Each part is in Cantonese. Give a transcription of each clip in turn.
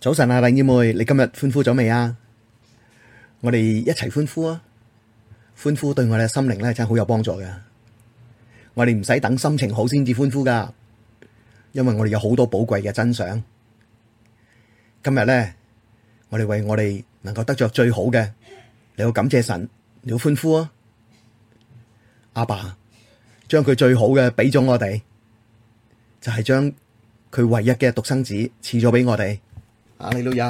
早晨啊，林姐妹，你今日歡呼咗未啊？我哋一齊歡呼啊！歡呼對我哋嘅心靈咧真係好有幫助嘅。我哋唔使等心情好先至歡呼噶，因為我哋有好多寶貴嘅真相。今日咧，我哋為我哋能夠得着最好嘅，你好感謝神，你要歡呼啊！阿爸將佢最好嘅俾咗我哋，就係將佢唯一嘅獨生子賜咗俾我哋。啊，你老爺，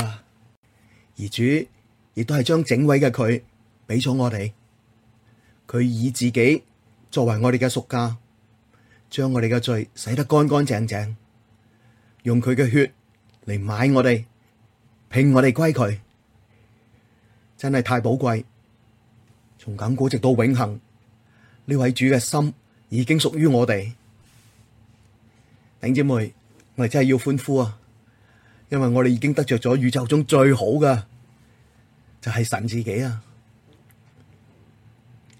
而主亦都係將整位嘅佢俾咗我哋，佢以自己作為我哋嘅贖價，將我哋嘅罪洗得乾乾淨淨，用佢嘅血嚟買我哋，聘我哋歸佢，真係太寶貴。從亙古直到永恒，呢位主嘅心已經屬於我哋。弟兄姐妹，我哋真係要歡呼啊！因為我哋已經得着咗宇宙中最好嘅，就係神自己啊。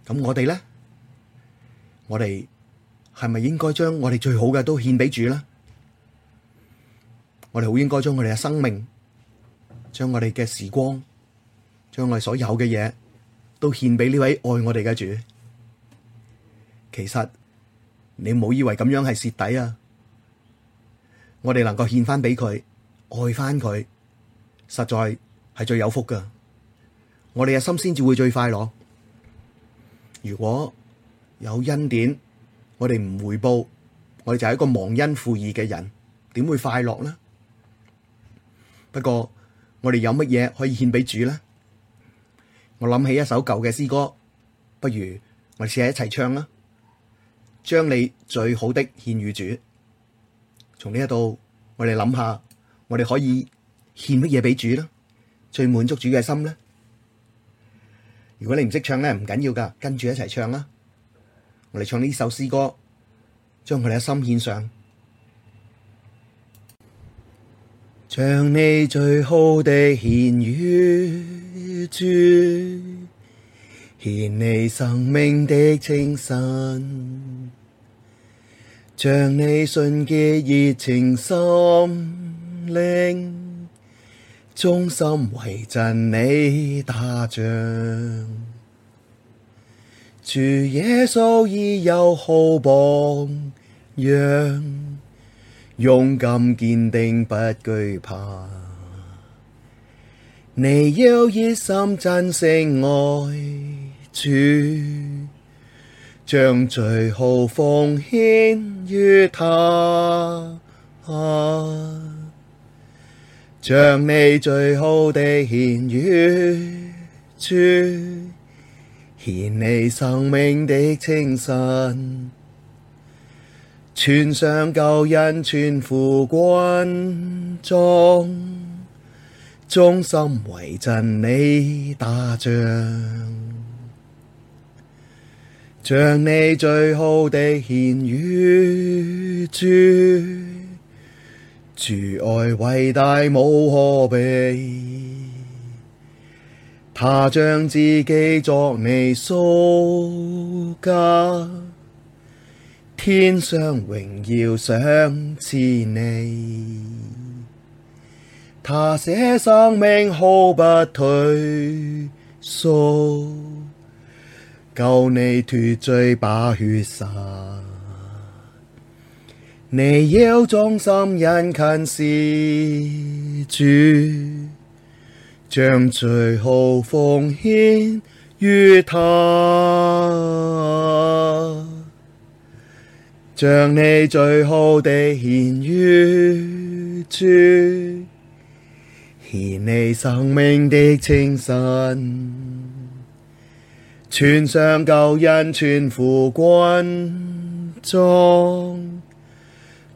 咁我哋咧，我哋係咪應該將我哋最好嘅都獻俾主咧？我哋好應該將我哋嘅生命、將我哋嘅時光、將我哋所有嘅嘢，都獻俾呢位愛我哋嘅主。其實你唔好以為咁樣係蝕底啊！我哋能夠獻翻俾佢。愛翻佢，實在係最有福噶我哋嘅心先至會最快樂。如果有恩典，我哋唔回報，我哋就係一個忘恩負義嘅人，點會快樂呢？不過我哋有乜嘢可以獻俾主呢？我諗起一首舊嘅詩歌，不如我哋試下一齊唱啦。將你最好的獻與主。從呢一度，我哋諗下，我哋可以獻乜嘢俾主咯？最滿足主嘅心咧？如果你唔識唱咧，唔緊要噶，跟住一齊唱啦。我哋唱呢首詩歌，將佢哋嘅心獻上。將你最好的獻與主，獻你生命的清晨，將你純潔熱情心。令忠心為真理你打仗，主耶穌已有好榜樣，勇敢堅定不懼怕。你要熱心真誠愛主，將最好奉獻於他。啊將你最好的獻與主，獻你生命的清晨。穿上救恩全副軍裝，忠心為真理打仗。將你最好的獻與主。主愛偉大無可比，他將自己作你贖價，天上榮耀賞賜你，他捨生命毫不退縮，so, 救你脫罪把血灑。你要忠心殷勤事主，將最好奉獻於他，將你最好的獻於主，獻你生命的清晨，穿上救恩，全副軍裝。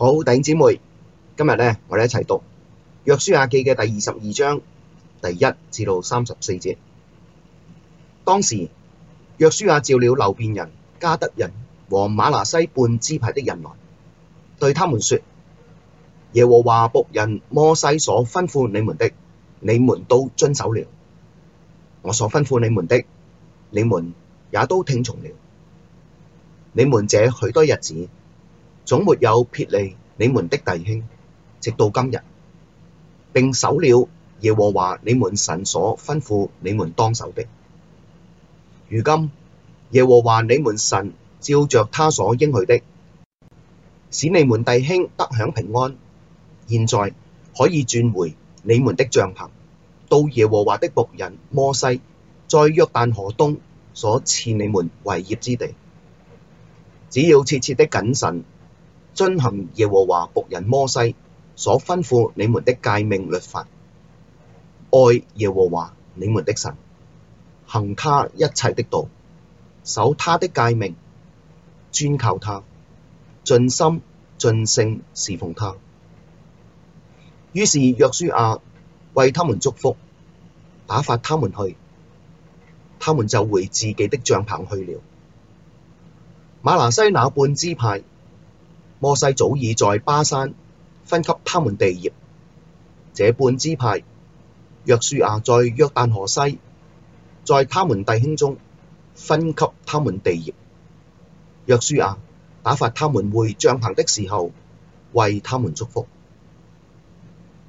好，弟姐妹，今日咧，我哋一齊讀《約書亞記》嘅第二十二章第一至到三十四節。當時，約書亞召了流便人、加德人和瑪拿西半支派的人來，對他們說：耶和華僕人摩西所吩咐你們的，你們都遵守了；我所吩咐你們的，你們也都聽從了。你們這許多日子，總沒有撇離你們的弟兄，直到今日，並守了耶和華你們神所吩咐你們當守的。如今耶和華你們神照着他所應許的，使你們弟兄得享平安，現在可以轉回你們的帳篷，到耶和華的僕人摩西在約旦河東所賜你們為業之地，只要切切的謹慎。遵行耶和華僕人摩西所吩咐你們的誡命律法，愛耶和華你們的神，行他一切的道，守他的誡命，專靠他，盡心盡性事奉他。於是約書亞、啊、為他們祝福，打發他們去，他們就回自己的帳棚去了。馬拿西那半支派。摩西早已在巴珊分給他們地業，這半支派約書亞在約但河西，在他們弟兄中分給他們地業。約書亞打發他們回帳棚的時候，為他們祝福，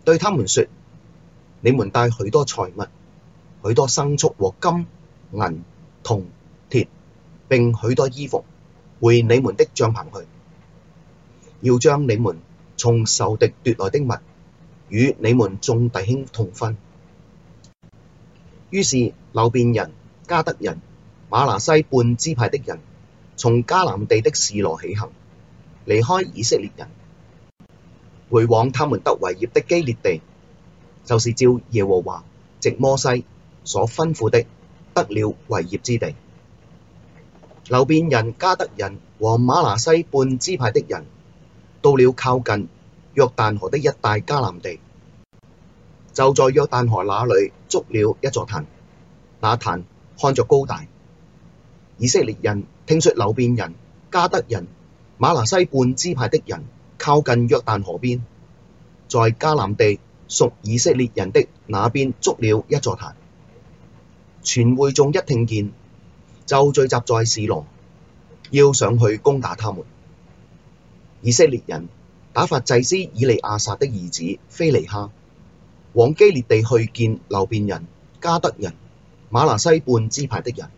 對他們說：你們帶許多財物、許多牲畜和金銀銅鐵，並許多衣服，回你們的帳棚去。要將你們從仇敵奪來的物，與你們眾弟兄同分。於是流便人、迦得人、瑪拿西半支派的人，從迦南地的示羅起行，離開以色列人，回往他們得為業的基列地，就是照耶和華藉摩西所吩咐的得了為業之地。流便人、迦得人和瑪拿西半支派的人。到了靠近約旦河的一帶迦南地，就在約旦河那裡築了一座壇。那壇看着高大。以色列人聽說流便人、迦得人、馬拿西半支派的人靠近約旦河邊，在迦南地屬以色列人的那邊築了一座壇，全會眾一聽見，就聚集在示羅，要上去攻打他們。以色列人打發祭司以利亞撒的兒子非尼哈往基列地去見流便人、迦得人、馬拿西半支派的人，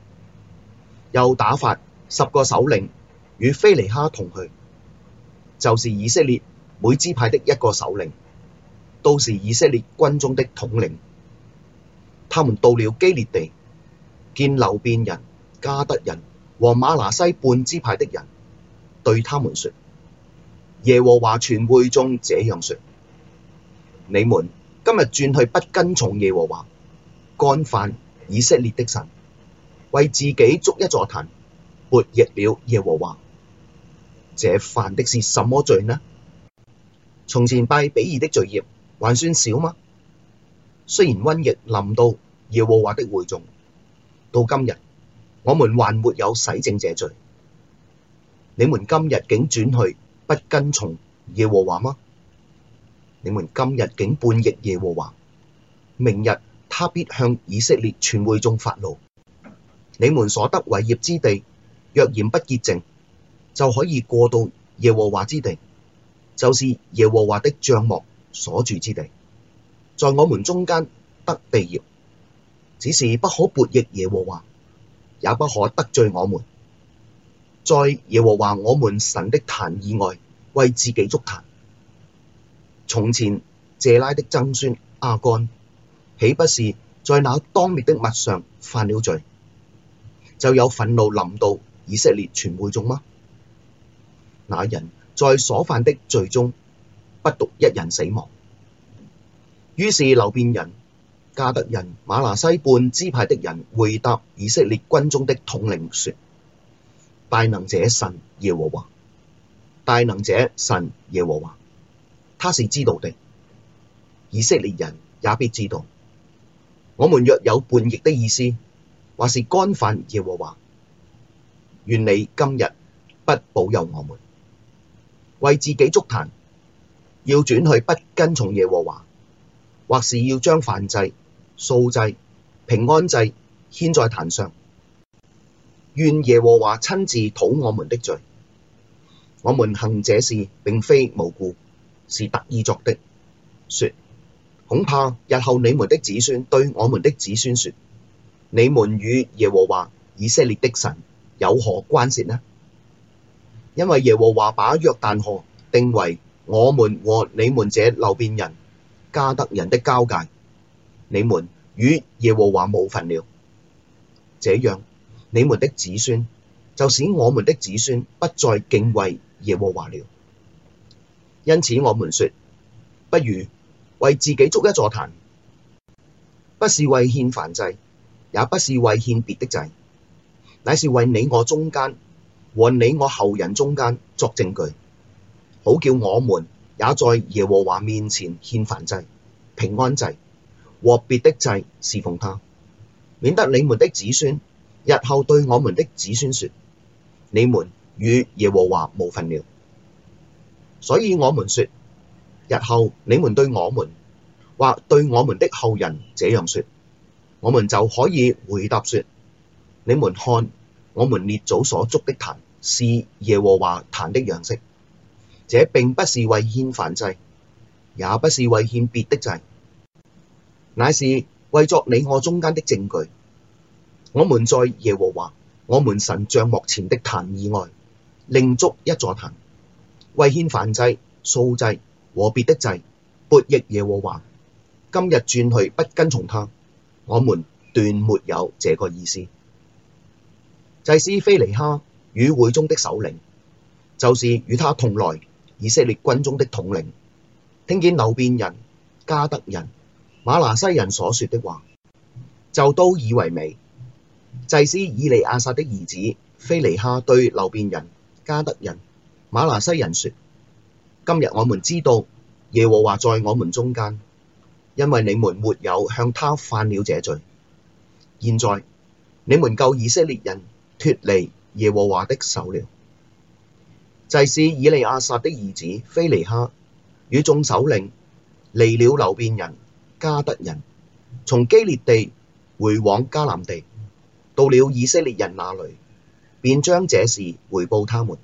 又打發十個首領與非尼哈同去，就是以色列每支派的一個首領，都是以色列軍中的統領。他們到了基列地，見流便人、迦得人和馬拿西半支派的人，對他們說。耶和華全會眾這樣說：你們今日轉去不跟從耶和華，干犯以色列的神，為自己築一座壇，悖逆了耶和華。這犯的是什麼罪呢？從前拜毘珥的罪孽還算小嗎？雖然瘟疫臨到耶和華的會眾，到今日我們還沒有洗淨這罪。你們今日竟轉去不跟從耶和華嗎？你們今日竟叛逆耶和華，明日他必向以色列全會眾發怒。你們所得為業之地，若然不潔淨，就可以過到耶和華之地，就是耶和華的帳幕所住之地，在我們中間得地業，只是不可叛逆耶和華，也不可得罪我們。在耶和華我們神的壇以外為自己築壇，從前謝拉的曾孫亞干，豈不是在那當滅的物上犯了罪，就有憤怒臨到以色列全會眾嗎？那人在所犯的罪中不獨一人死亡。於是流便人、迦得人、馬拿西半支派的人回答以色列軍中的統領說。大能者神耶和華，大能者神耶和華，他是知道的，以色列人也必知道。我們若有叛逆的意思，或是干犯耶和華，願你今日不保佑我們，為自己築壇，要轉去不跟從耶和華，或是要將燔祭、素祭、平安祭獻在壇上。願耶和華親自討我們的罪。我們行這事並非無故，是特意作的。說，恐怕日後你們的子孫對我們的子孫說：你們與耶和華以色列的神有何關涉呢？因為耶和華把約但河定為我們和你們這流便人、迦得人的交界，你們與耶和華無分了。這樣。你們的子孫就使我們的子孫不再敬畏耶和華了。因此我們說，不如為自己築一座壇，不是為獻燔祭，也不是為獻別的祭，乃是為你我中間和你我後人中間作證據，好叫我們也在耶和華面前獻燔祭、平安祭和別的祭事奉他，免得你們的子孫。日後對我們的子孫說：你們與耶和華無分了。所以我們說：日後你們對我們，或對我們的後人這樣說，我們就可以回答說：你們看，我們列祖所築的壇是耶和華壇的樣式。這並不是為獻燔祭，也不是為獻別的祭，乃是為作你我中間的證據。我們在耶和華我們神像目前神帳幕前的壇以外，另築一座壇，為獻燔制燔祭、素制素祭和別的制祭，悖逆耶和華。今日轉去不跟從他，我們斷沒有這個意思。祭司非尼哈與會中的首領，就是與他同來以色列軍中的統領，聽見流便人、迦得人、瑪拿西人所說的話，就都以為美。祭司以利亞撒的兒子非尼哈對流便人、迦得人、馬拿西人說：今日我們知道耶和華在我們中間，因為你們沒有向他犯了這罪。現在你們救以色列人脫離耶和華的手了。祭司以利亞撒的兒子非尼哈與眾首領離了流便人、迦得人，從基列地回往迦南地。到了以色列人那裡，便將這事回報他們。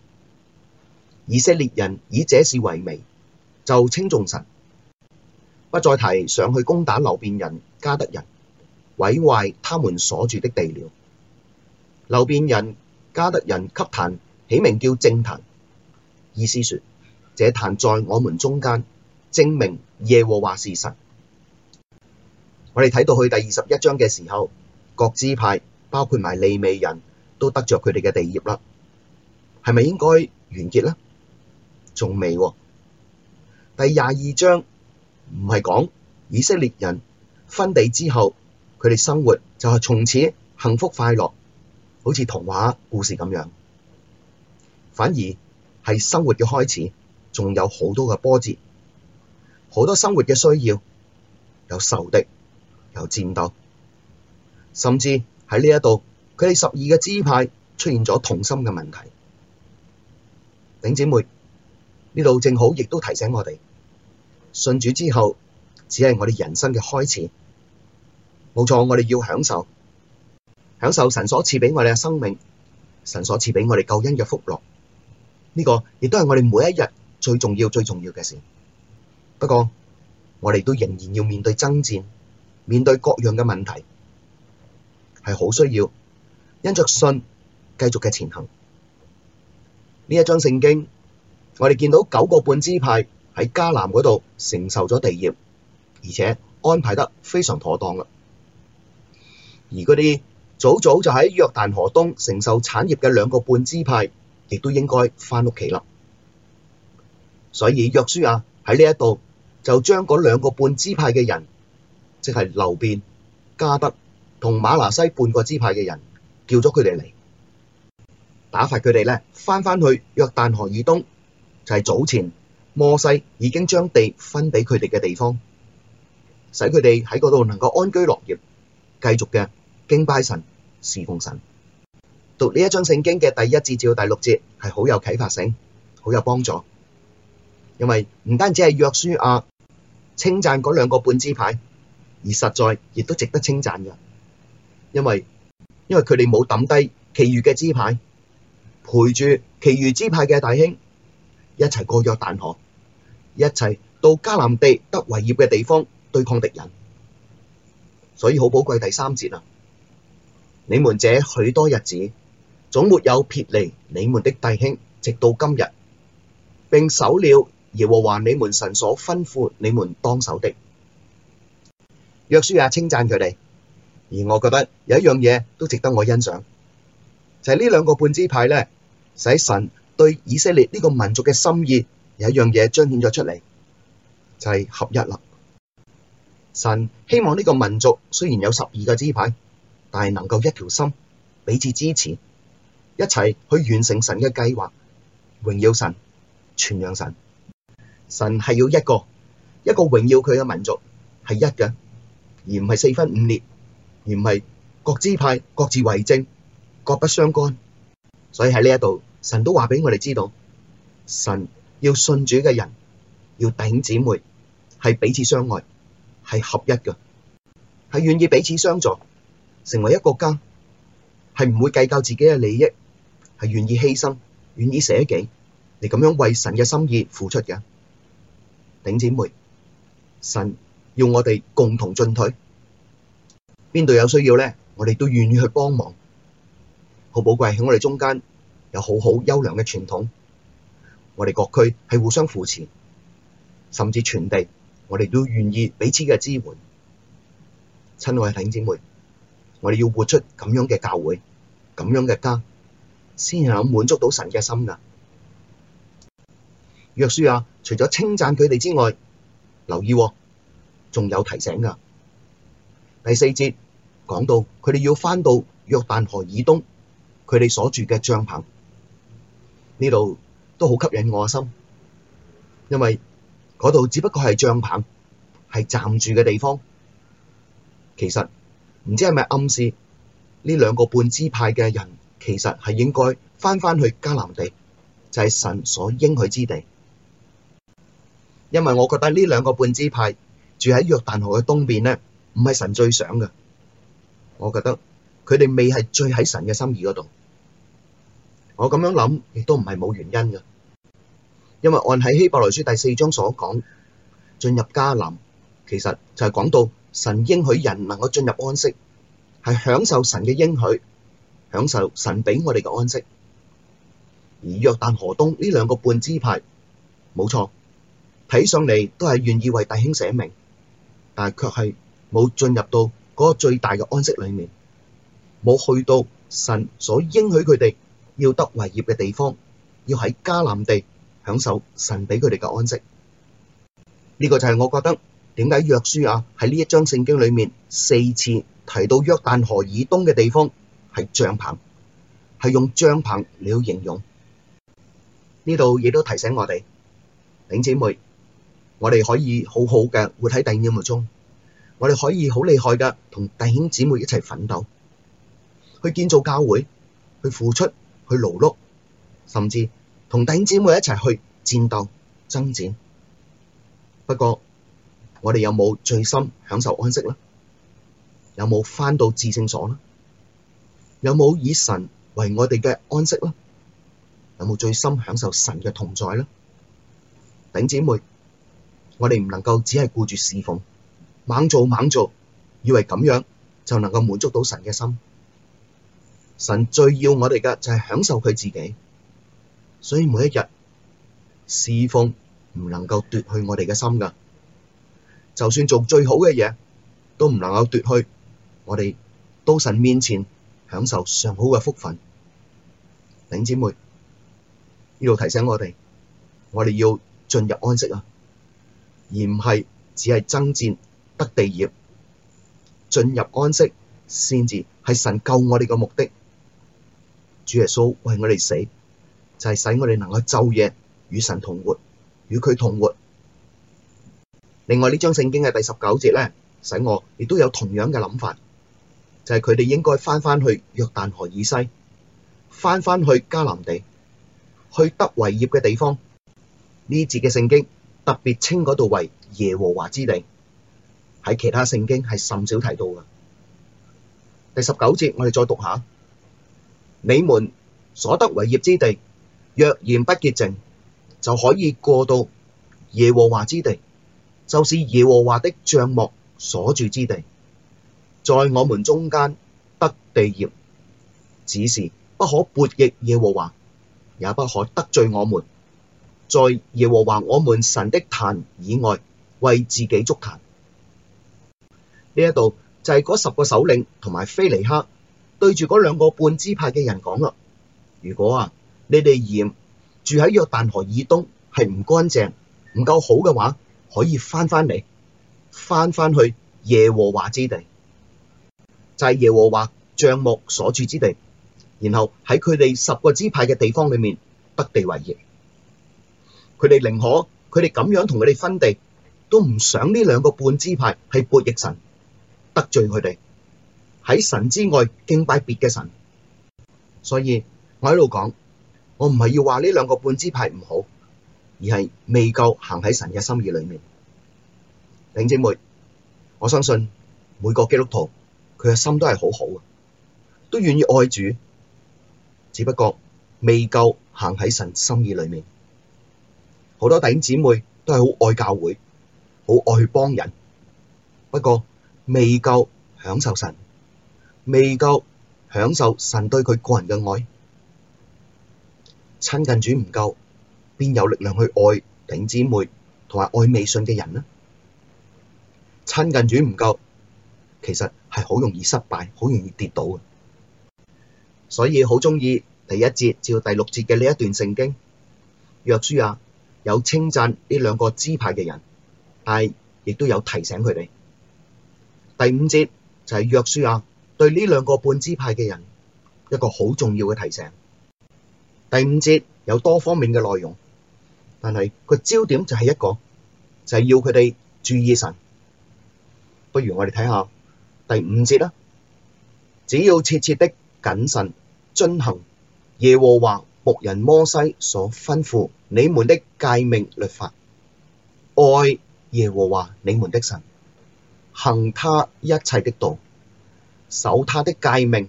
以色列人以這事為美，就稱頌神，不再提上去攻打流便人、迦得人，毀壞他們所住的地了。流便人、迦得人給壇起名叫證壇，意思說這壇在我們中間，證明耶和華是神。我哋睇到去第二十一章嘅時候，各支派。包括埋利未人都得着佢哋嘅地業啦，係咪應該完結咧？仲未喎。第廿二章唔係講以色列人分地之後，佢哋生活就係從此幸福快樂，好似童話故事咁樣。反而係生活嘅開始，仲有好多嘅波折，好多生活嘅需要，有仇敵，有戰鬥，甚至。喺呢一度，佢哋十二個支派出現咗同心嘅問題。弟姐妹，呢度正好亦都提醒我哋，信主之後只係我哋人生嘅開始。冇錯，我哋要享受享受神所賜俾我哋嘅生命，神所賜俾我哋救恩嘅福樂。呢個亦都係我哋每一日最重要、最重要嘅事。不過，我哋都仍然要面對爭戰，面對各樣嘅問題。係好需要因着信繼續嘅前行。呢一章聖經，我哋見到九個半支派喺迦南嗰度承受咗地業，而且安排得非常妥當啦。而嗰啲早早就喺約但河東承受產業嘅兩個半支派，亦都應該返屋企啦。所以約書亞喺呢一度就將嗰兩個半支派嘅人，即係流便、迦得，同瑪拿西半個支派嘅人，叫咗佢哋嚟打發佢哋咧，翻返去約旦河以東就係、是、早前摩西已經將地分畀佢哋嘅地方，使佢哋喺嗰度能夠安居樂業，繼續嘅敬拜神、侍奉神。讀呢一章聖經嘅第一節至到第六節係好有啟發性、好有幫助，因為唔單止係約書亞稱讚嗰兩個半支派，而實在亦都值得稱讚嘅。因為佢哋冇抌低其餘嘅支派，陪住其餘支派嘅弟兄一齊過約旦河，一齊到迦南地得為業嘅地方對抗敵人，所以好寶貴第三節啊！你們這許多日子總沒有撇離你們的弟兄，直到今日，並守了耶和華你們神所吩咐你們當守的。約書亞稱讚佢哋。而我覺得有一樣嘢都值得我欣賞，就係呢兩個半支派呢，使神對以色列呢個民族嘅心意有一樣嘢彰顯咗出嚟，就係合一啦。神希望呢個民族雖然有十二個支派，但係能夠一條心，彼此支持，一齊去完成神嘅計劃，榮耀神、傳揚神。神係要一個一個榮耀佢嘅民族係一嘅，而唔係四分五裂。而唔係各支派各自為政，各不相干。所以喺呢一度，神都話俾我哋知道，神要信主嘅人要頂姊妹，係彼此相愛，係合一嘅，係願意彼此相助，成為一個家，係唔會計較自己嘅利益，係願意犧牲，願意捨己嚟咁樣為神嘅心意付出嘅。頂姊妹，神要我哋共同進退。邊度有需要咧，我哋都願意去幫忙，好寶貴喺我哋中間有好好優良嘅傳統，我哋各區係互相扶持，甚至傳遞，我哋都願意彼此嘅支援。親愛嘅弟兄姊妹，我哋要活出咁樣嘅教會，咁樣嘅家，先至能滿足到神嘅心噶約書亞啊，除咗稱讚佢哋之外，留意哦，仲有提醒噶啊。第四節講到，佢哋要返到約旦河以東，佢哋所住嘅帳篷。呢度都好吸引我心，因為嗰度只不過係帳篷，係暫住嘅地方。其實唔知係咪暗示呢兩個半支派嘅人，其實係應該返返去迦南地，就係神所應許之地。因為我覺得呢兩個半支派住喺約旦河嘅東邊呢。唔係神最想嘅，我覺得佢哋未係最喺神嘅心意嗰度。我咁樣諗亦都唔係冇原因嘅，因為按喺希伯來書第四章所講，進入迦南其實就係講到神應許人能夠進入安息，係享受神嘅應許，享受神俾我哋嘅安息。而約旦河東呢兩個半支派，冇錯睇上嚟都係願意為弟兄捨命，但係卻係。冇進入到嗰個最大嘅安息裏面，冇去到神所應許佢哋要得為業嘅地方，要喺迦南地享受神俾佢哋嘅安息。呢、這個就係我覺得點解約書亞喺呢一章聖經裏面四次提到約但河以東嘅地方係帳棚，係用帳棚嚟去形容呢度，亦都提醒我哋，弟兄姊妹，我哋可以好好嘅活喺第二幕中。我哋可以好厲害嘅同弟兄姊妹一齊奮鬥，去建造教會，去付出，去勞碌，甚至同弟兄姊妹一齊去戰鬥、爭戰。不過我哋有冇醉心享受安息呢？有冇翻到至聖所呢？有冇以神為我哋嘅安息呢？有冇醉心享受神嘅同在呢？弟兄姊妹，我哋唔能夠只係顧住侍奉。猛做猛做，以為咁樣就能夠滿足到神嘅心。神最要我哋嘅就係享受佢自己，所以每一日侍奉唔能夠奪去我哋嘅心噶。就算做最好嘅嘢，都唔能夠奪去我哋到神面前享受上好嘅福分。弟兄姊妹，呢度提醒我哋，我哋要進入安息啊，而唔係只係爭戰。得地業，進入安息，先至係神救我哋嘅目的。主耶穌為我哋死，就係、是、使我哋能夠晝夜與神同活，與佢同活。另外呢張聖經嘅第十九節呢，使我亦都有同樣嘅諗法，就係佢哋應該翻返去約旦河以西，翻返去迦南地去得為業嘅地方。呢節嘅聖經特別稱嗰度為耶和華之地。喺其他聖經係甚少提到嘅。第十九節，我哋再讀下：你們所得為業之地，若然不潔淨，就可以過到耶和華之地，就是耶和華的帳幕所住之地，在我們中間得地業，只是不可悖逆耶和華，也不可得罪我們，在耶和華我們神的壇以外為自己築壇。呢一度就係嗰十個首領同埋非尼哈對住嗰兩個半支派嘅人講啦。如果啊你哋嫌住喺約但河以東係唔乾淨、唔夠好嘅話，可以翻返嚟，翻返去耶和華之地，就係耶和華帳幕所住之地。然後喺佢哋十個支派嘅地方裏面得地為業。佢哋寧可佢哋咁樣同佢哋分地，都唔想呢兩個半支派係悖逆神。得罪佢哋喺神之外敬拜別嘅神，所以我喺度講，我唔係要話呢兩個半支派唔好，而係未夠行喺神嘅心意裏面。弟兄姊妹，我相信每個基督徒佢嘅心都係好好嘅，都願意愛主，只不過未夠行喺神心意裏面。好多弟兄姊妹都係好愛教會，好愛去幫人，不過，未夠享受神，未夠享受神對佢個人嘅愛，親近主唔夠，邊有力量去愛弟兄姊妹同埋愛未信嘅人呢？親近主唔夠，其實係好容易失敗，好容易跌倒嘅。所以好鍾意第一節至到第六節嘅呢一段聖經，約書亞有稱讚呢兩個支派嘅人，但亦都有提醒佢哋。第五節就係約書亞對呢兩個半支派嘅人一個好重要嘅提醒。第五節有多方面嘅內容，但係個焦點就係一個，就係、是、要佢哋注意神。不如我哋睇下第五節啦。只要切切的謹慎遵行耶和華僕人摩西所吩咐你們的誡命律法，愛耶和華你們的神，行他一切的道，守他的誡命，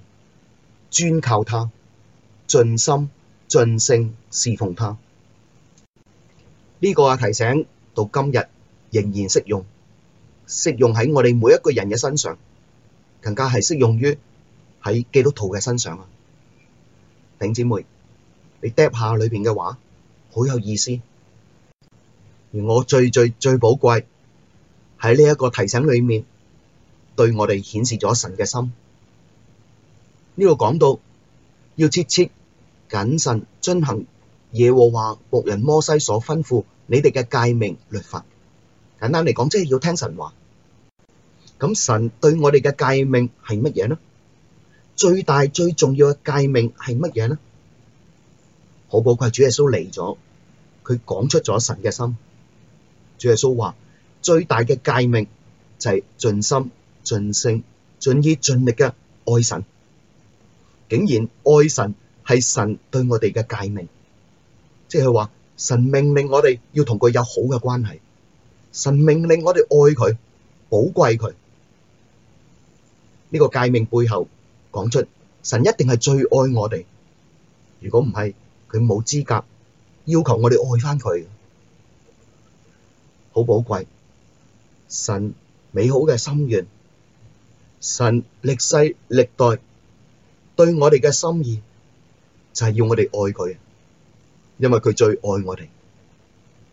專靠他，盡心盡性侍奉他。呢、這個啊提醒到今日仍然適用，適用喺我哋每一個人嘅身上，更加係適用於喺基督徒嘅身上啊！頂姊妹，你 d e p t 下裏面嘅話，好有意思。而我最最最寶貴。喺呢一個提醒裏面，對我哋顯示咗神嘅心。呢度講到要切切謹慎遵行耶和華僕人摩西所吩咐你哋嘅誡命律法。簡單嚟講，即係要聽神話。咁神對我哋嘅誡命係乜嘢呢？最大最重要嘅誡命係乜嘢呢？好寶貴，主耶穌嚟咗，佢講出咗神嘅心。主耶穌話。最大嘅誡命就係盡心、盡性、盡意、盡力嘅愛神。竟然愛神係神對我哋嘅誡命，即係話神命令我哋要同佢有好嘅關係，神命令我哋愛佢、寶貴佢。呢個誡命背後講出神一定係最愛我哋。如果唔係，佢冇資格要求我哋愛翻佢。好寶貴。神美好嘅心願，神歷世歷代對我哋嘅心意，就係要我哋愛佢，因為佢最愛我哋。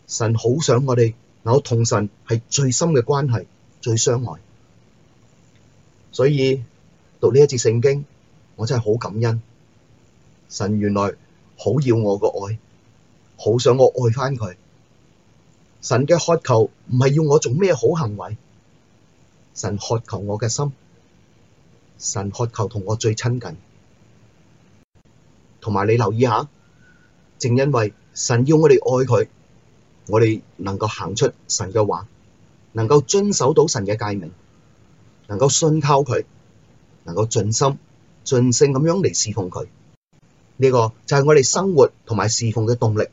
神好想我哋，嗱我同神係最深嘅關係，最相愛。所以讀呢一節聖經，我真係好感恩。神原來好要我個愛，好想我愛返佢。神嘅渴求唔係要我做咩好行為，神渴求我嘅心，神渴求同我最親近，同埋你留意下，正因為神要我哋愛佢，我哋能夠行出神嘅話，能夠遵守到神嘅誡命，能夠信靠佢，能夠盡心盡性咁樣嚟侍奉佢，呢個就係我哋生活同埋侍奉嘅動力，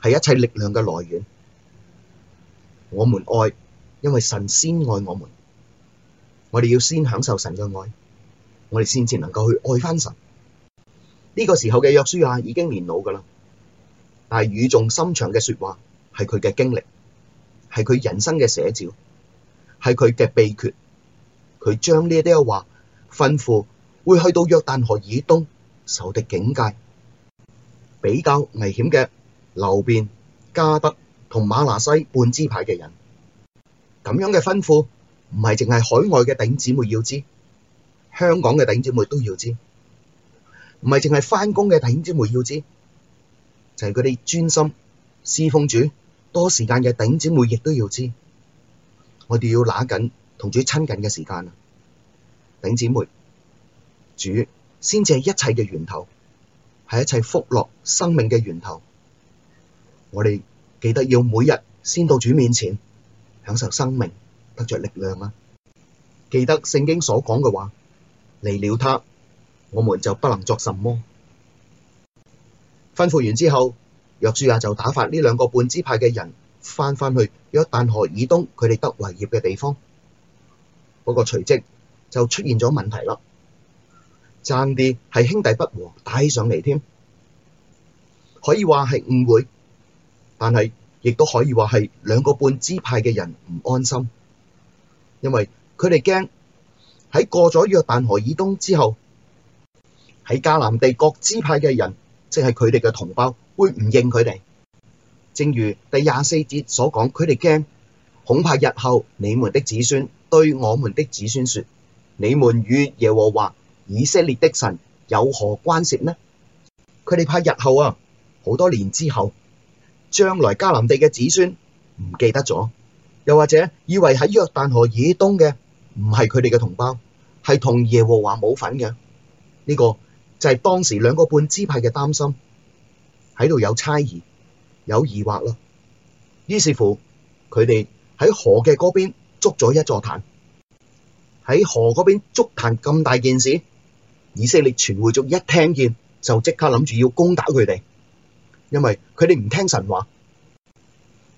係一切力量嘅來源。我們愛，因為神先愛我們，我哋要先享受神嘅愛，我哋先至能夠去愛翻神。呢個時候嘅約書亞已經年老噶啦，但係語重心長嘅說話係佢嘅經歷，係佢人生嘅寫照，係佢嘅秘訣。佢將呢啲嘅話吩咐會去到約旦河以東受敵警戒，比較危險嘅流便迦得。同瑪拿西半支派嘅人，咁樣嘅吩咐唔係淨係海外嘅頂姊妹要知，香港嘅頂姊妹都要知，唔係淨係返工嘅頂姊妹要知，就係佢哋專心侍奉主、多時間嘅頂姊妹亦都要知。我哋要拿緊同主親近嘅時間啊，頂姊妹，主先至係一切嘅源頭，係一切福樂生命嘅源頭，我哋。記得要每日先到主面前，享受生命，得着力量啊！記得聖經所講嘅話，離了他，我們就不能作什麼。吩咐完之後，約書亞就打發呢兩個半支派嘅人翻返去約旦河以東佢哋得為業嘅地方。不過隨即就出現咗問題啦，爭啲係兄弟不和打起上嚟添，可以話係誤會。但係，亦都可以話係兩個半支派嘅人唔安心，因為佢哋驚喺過咗約但河以東之後，喺迦南地各支派嘅人，即係佢哋嘅同胞，會唔認佢哋。正如第廿四節所講，佢哋驚恐怕日後你們的子孫對我們的子孫説：你們與耶和華以色列的神有何關涉呢？佢哋怕日後啊，好多年之後。將來迦南地嘅子孫唔記得咗，又或者以為喺約但河以東嘅唔係佢哋嘅同胞，係同耶和華冇份嘅。呢、這個就係當時兩個半支派嘅擔心，喺度有猜疑、有疑惑啦。於是乎，佢哋喺河嘅嗰邊築咗一座壇，喺河嗰邊築壇咁大件事，以色列全會眾一聽見就即刻諗住要攻打佢哋。因為佢哋唔聽神話，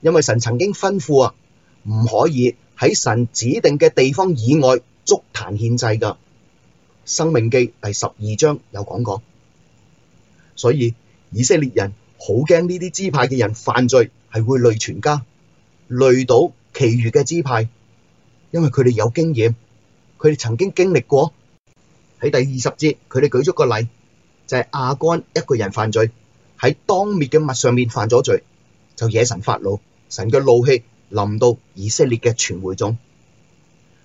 因為神曾經吩咐啊，唔可以喺神指定嘅地方以外築壇獻祭噶申命記第十二章有講過，所以以色列人好驚呢啲支派嘅人犯罪係會累全家，累到其餘嘅支派，因為佢哋有經驗，佢哋曾經經歷過。喺第二十節，佢哋舉咗個例，就係亞干一個人犯罪。喺當滅嘅物上面犯咗罪，就惹神發怒，神嘅怒氣臨到以色列嘅全會眾。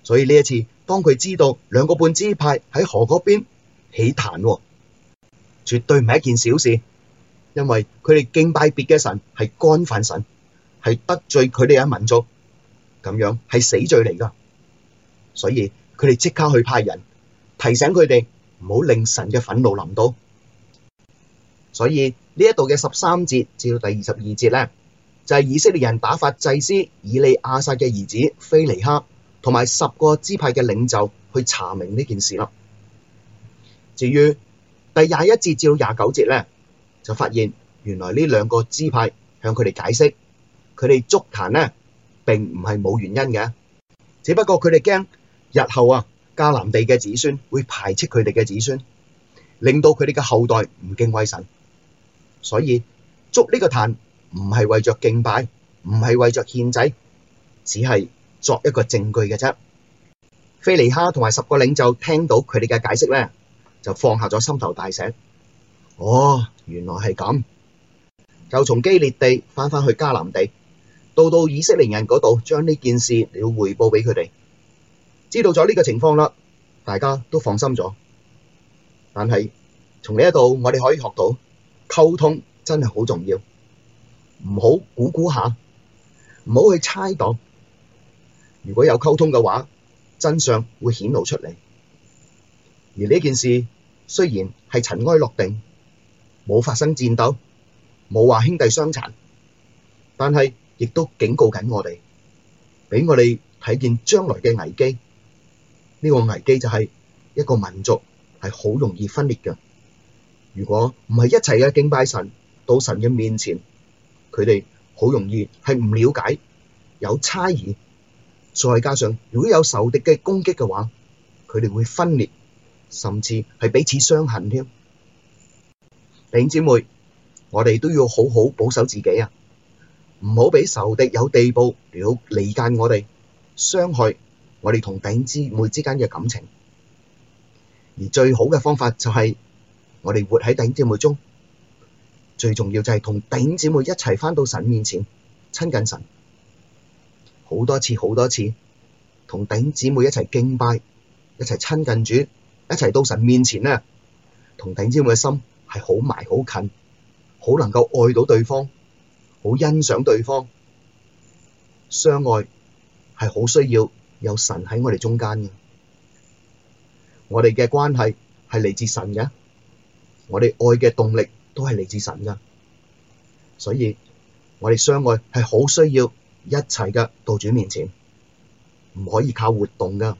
所以呢一次，當佢知道兩個半支派喺河嗰邊起壇，絕對唔係一件小事，因為佢哋敬拜別嘅神係干犯神，係得罪佢哋嘅民族，咁樣係死罪嚟噶。所以佢哋即刻去派人提醒佢哋，唔好令神嘅憤怒臨到。所以呢一度嘅十三節至到第二十二節呢，就係、是、以色列人打發祭司以利亞撒嘅兒子非尼哈同埋十個支派嘅領袖去查明呢件事啦。至於第二十一節至到廿九節呢，就發現原來呢兩個支派向佢哋解釋，佢哋築壇呢並唔係冇原因嘅，只不過佢哋驚日後啊迦南地嘅子孫會排斥佢哋嘅子孫，令到佢哋嘅後代唔敬畏神。所以捉呢個壇唔係為着敬拜，唔係為着獻祭，只係作一個證據嘅啫。非尼哈同埋十個領袖聽到佢哋嘅解釋咧，就放下咗心頭大石。哦，原來係咁，就從基列地翻返去迦南地，到到以色列人嗰度，將呢件事要匯報畀佢哋。知道咗呢個情況啦，大家都放心咗。但係從呢一度，我哋可以學到。溝通真係好重要，唔好估估下，唔好去猜度。如果有溝通嘅話，真相會顯露出嚟。而呢件事雖然係塵埃落定，冇發生戰鬥，冇話兄弟相殘，但係亦都警告緊我哋，畀我哋睇見將來嘅危機。呢個危機就係一個民族係好容易分裂嘅。如果唔係一齊嘅敬拜神，到神嘅面前，佢哋好容易係唔了解，有差異。再加上如果有仇敵嘅攻擊嘅話，佢哋會分裂，甚至係彼此傷痕添。弟兄姊妹，我哋都要好好保守自己啊，唔好畀仇敵有地步嚟離間我哋，傷害我哋同弟兄姊妹之間嘅感情。而最好嘅方法就係、是。我哋活喺頂姊妹中，最重要就係同頂姊妹一齊翻到神面前親近神，好多次好多次同頂姊妹一齊敬拜，一齊親近主，一齊到神面前呢，同頂姊妹嘅心係好埋好近，好能夠愛到對方，好欣賞對方，相愛係好需要有神喺我哋中間嘅。我哋嘅關係係嚟自神嘅。我哋愛嘅動力都係嚟自神噶，所以我哋相愛係好需要一齊嘅到主面前，唔可以靠活動噶，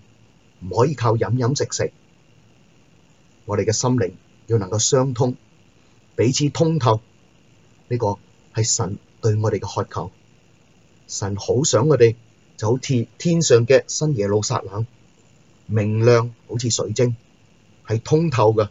唔可以靠飲飲食食，我哋嘅心靈要能夠相通，彼此通透，呢個係神對我哋嘅渴求，神好想我哋就好似天上嘅新耶路撒冷，明亮好似水晶，係通透噶。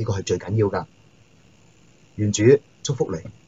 呢個係最緊要噶，願主祝福你。